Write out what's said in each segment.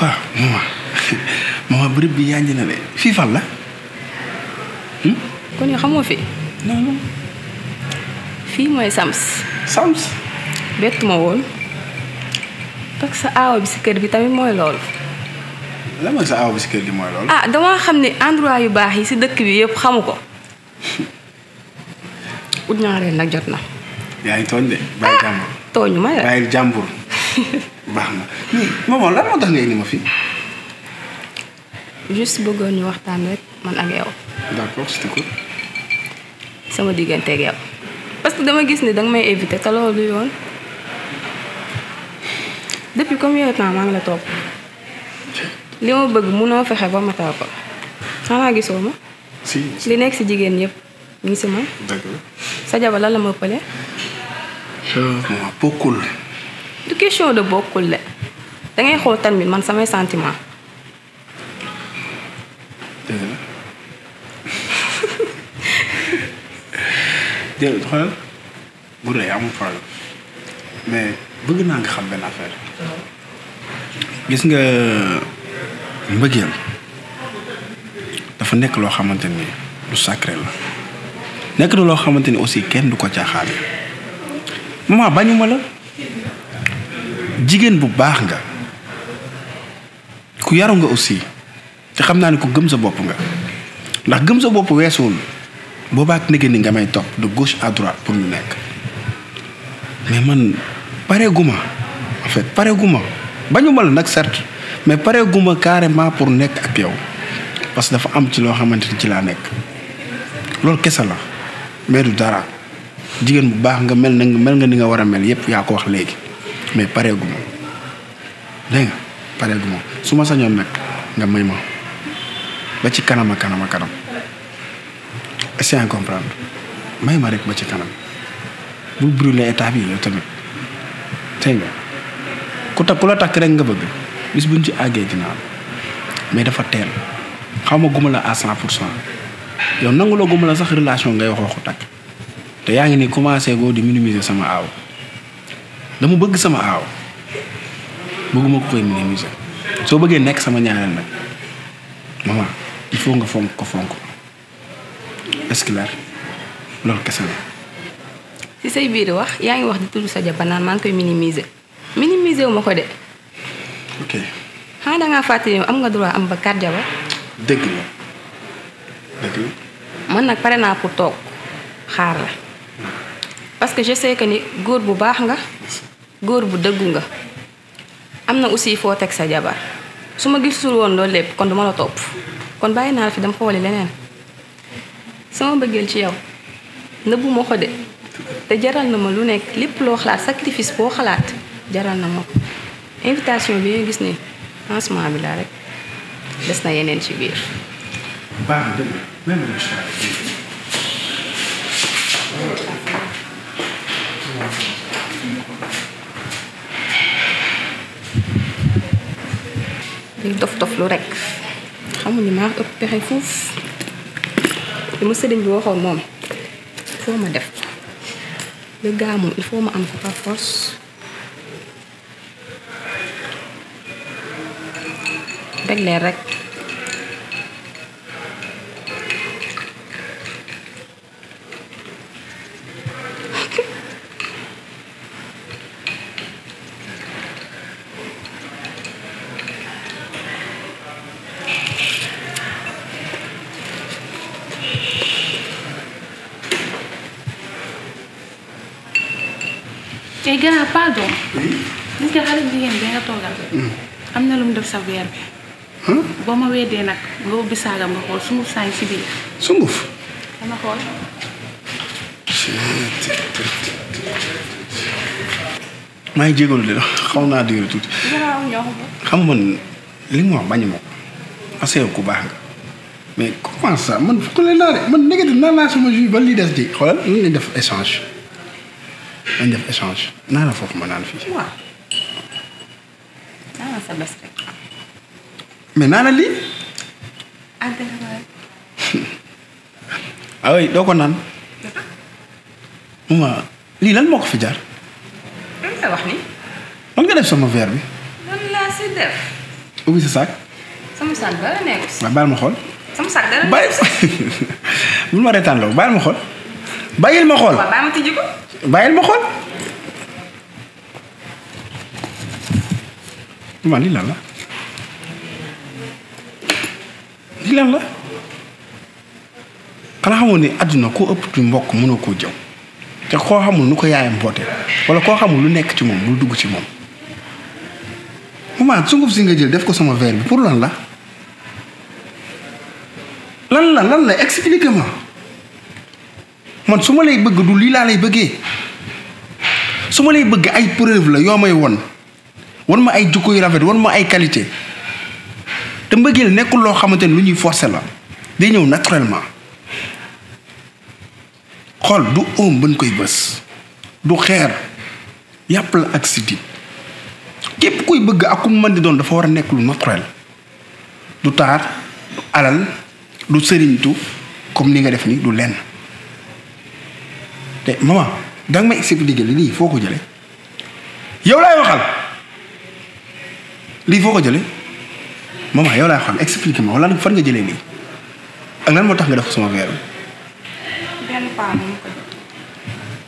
waaw maman maman bërëb bi yànji na de fii fan la. Hmm? kon yow xamoo fi. fii mooy Sams. Sams. bett ma woon. toog sa aawa bi si kër gi tamit mooy loolu. lan sa aawa si kër gi mooy loolu. ah damaa xam ne endroit yu baax yi si dëkk bi yëpp xamu ko. ut ñaareel nag jot na. yaa ngi tooñ de ah, tooñu ma de bàyyi jàmbur. baax na nii maman lan moo tax nga indi ma fii. juste bëggoon ñu waxtaan rek man ak yow. sama diggante ak yow. parce que dama gis ni danga may éviter te loolu du yoon. depuis combien de temps maa ngi la topp. li ma bëgg munoo fexe ba ma taal xanaa gisoo ma. li nekk ci jigéen yëpp ñu si man. d'accord sa jabar lan la ma pële. du question de bokkul de da ngay xool tamit man samay sentiment bu dee amul mais bëgg naa nga xam benn affaire gis nga mbëggeel dafa nekk loo xamante ni lu sacré la nekk na loo xamante ni aussi kenn du ko caaxaane maman bañuma la. jigéen bu baax nga ku yaru nga aussi te xam naa ne ku gëm sa bopp nga ndax gëm sa bopp weesuwul boobaak négé ni nga may topp de gauche à droite pour ñu nekk mais man pare guma en fait pare guma la nag certes mais pare guma carrément pour nekk ak yow parce que dafa am ci loo xamante ni ci laa nekk loolu kese la mais du dara jigéen bu baax nga mel na mel nga ni nga war a mel yépp yaa ko wax léegi mais pareegu ma dégg nga pareegu ma su ma sañoon nag nga may ma ba ci kanam a kanam a kanam essayer comprendre may ma rek ba ci kanam bul brûler état bi yow tamit dégg nga ku takk ku la takk rek nga bëgg bis buñ ci àggee dina am mais dafa teel xaw ma guma la à cent pour cent yow nangu la guma la sax relation ngay wax waxu takk te yaa ngi ni commencé goo di minimiser sama aaw dama bëgg sama aaw bëgguma ko koy minimiser soo bëggee nekk sama ñaareel nag maman il faut nga fonk ko fonk est-ce loolu kese la. si say biir wax yaa ngi wax di tudd sa jabar naan maa koy minimiser minimiser wu ma ko de. ok. xanaa da ngaa fàttali am nga droit am ba quatre jabar. dëgg la dëgg nag pare naa pour toog xaar la parce que je ni góor bu baax nga. góor bu dëggu nga am na aussi foo teg sa jabar su ma gisul woon loolu lépp kon du la topp kon bàyyi naa fi dama xooli leneen sama bëggeel ci yow nëbbu ma ko de te jaral na ma lu nekk lépp loo xalaat sacrifice boo xalaat jaral na ma ko invitation bi nga gis ni lancement bi laa rek des na yeneen ci biir. di dof dof lu rek xamu ni maa foofu li ma sëriñ bi waxoon moom il ma def le gaamu moom il faut ma am ko par force rek leer tey gannaaw pardon. jigéen bi nga toogal. Hmm. am na lu mu def sa weer bi. Hmm? boo ma weddee nag nga ubbi saagam nga xool sunguf saa ngi si biir. sunguf. dama xool. maa ngi jégalu de xaw naa déglu tuuti. xam nga li mu wax bañu ma ku baax nga. mais comment ça man fu ko lay laale man négatif naa naa sama jus ba lii des di xoolal ñu ngi def échange. dañ def échange naan la foofu ma naan fii. waaw naan la sa bés rek. mais naan la lii. ah dëgg doo ko naan. maman lii lan moo ko fi jaar. lan nga wax nii. lan nga def sama verre bi. lan laa si def. ubbi sa saak. sama saak dara nekk si. baal ma xool. sama saak dara nekk si. bàyyi bul ma retaan loolu baal ma xool. bàyyil ma xool. waaw baal ma tijji ko. bàyyil ma xool waaw lan la lii lan la xanaa ni ne koo ëpp tu mbokk mënoo koo jëw te koo xamul nu ko yaayam boote wala koo xamul lu nekk ci moom lu dugg ci moom maman sunguf si nga jël def ko sama veer bi pour lan la lan la lan la expliquez-moi man su ma lay bëgg du lii laa lay bëggee su ma lay bëgg ay preuve la yoo may won wan ma ay jukko yu rafet wan ma ay qualité te mbëggeel nekkul loo xamante ne lu ñuy forcer la day ñëw naturellement xool du oom bañ koy bës du xeer yàpp la ak sidit képp kuy bëgg ak ku mën di doon dafa war a nekk lu naturel du taar du alal du sëriñtu comme ni nga def nii du lenn te maman da nga may expliquer lii foo ko jëlee yow laay waxal lii foo ko jëlee maman yow laay waxal expliquer ma wala fan nga jëlee lii ak lan moo tax nga def ko sama verre bi. benn paa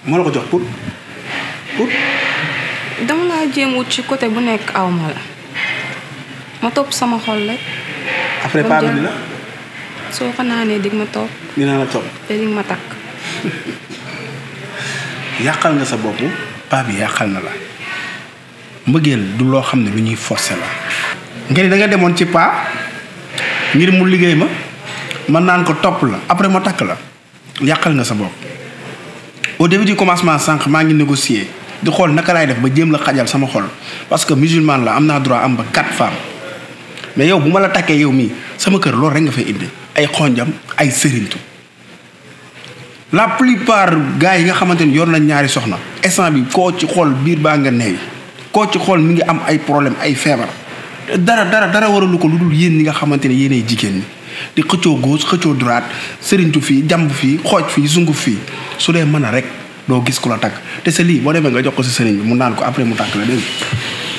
moo la ko jox pour pour. dama laa jéem wut ci côté bu nekk aw ma la ma topp sama xol rek. après paa bi la. soo ko naanee dig ma topp. dinaa la topp. te dig ma takk. yàqal nga sa bopp paa bi yàqal na la mbëggeel du loo xam ne lu ñuy forcer la. nga ni da nga demoon ci paa ngir mu liggéey ma man naan ko topp la après ma takk la yàqal nga sa bopp au début du commencement sànq maa ngi négocier di xool naka laay def ba jëm la xajal sama xol parce que musulman la am naa droit am ba quatre femmes mais yow bu ma la takkee yow mii sama kër loolu rek nga fay indi ay xonjam ay sëriñtu la plupart gars yi nga xamante ni yoon nañ ñaari soxna instant bi koo ci xool biir baa nga neewi koo ci xool mi ngi am ay problème ay feebar dara dara dara waralu ko lu dul yéen ñi nga xamante ne yéenay jigéen ñi di xëccoo gauche xëccoo droite sëriñtu fii jàmb fii xooj fii sunguf fii su dee mën na rek doo gis ku la takk te sa lii boo demee nga jox ko si sëriñ bi mu naan ko après mu tàkk la dégg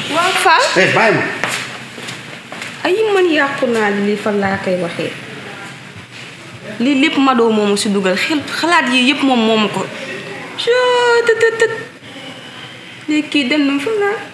waaw Fall. eh bàyyi ma. ay man yàqu naa li fan laa koy waxee. lii lépp madoo moomu si dugal xel xalaat yi yëpp moom moomu ko. je tët tët léegi kii dem na a